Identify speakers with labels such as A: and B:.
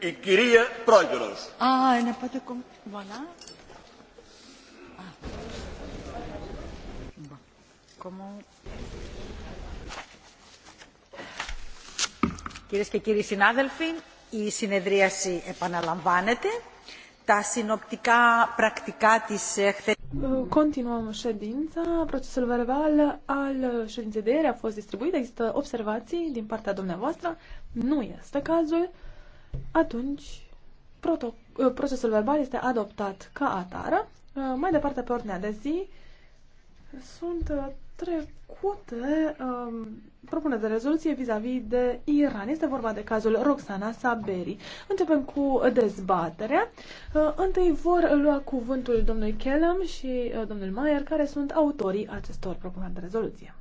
A: η κυρία Πρόεδρος.
B: Α, να πάτε κομμ... Voilà.
C: Comment... Κυρίες και κύριοι συνάδελφοι, η συνεδρίαση επαναλαμβάνεται. Τα συνοπτικά πρακτικά της χθε...
D: Continuăm ședința. Procesul verbal al ședinței de ieri a fost distribuit. Există observații din partea dumneavoastră. Nu este cazul atunci ă, procesul verbal este adoptat ca atară. Ă, mai departe, pe ordinea de zi, sunt ă, trecute um, propuneri de rezoluție vis-a-vis -vis de Iran. Este vorba de cazul Roxana Saberi. Începem cu dezbaterea. Uh, întâi vor lua cuvântul domnul Kellam și uh, domnul Mayer, care sunt autorii acestor propuneri de rezoluție.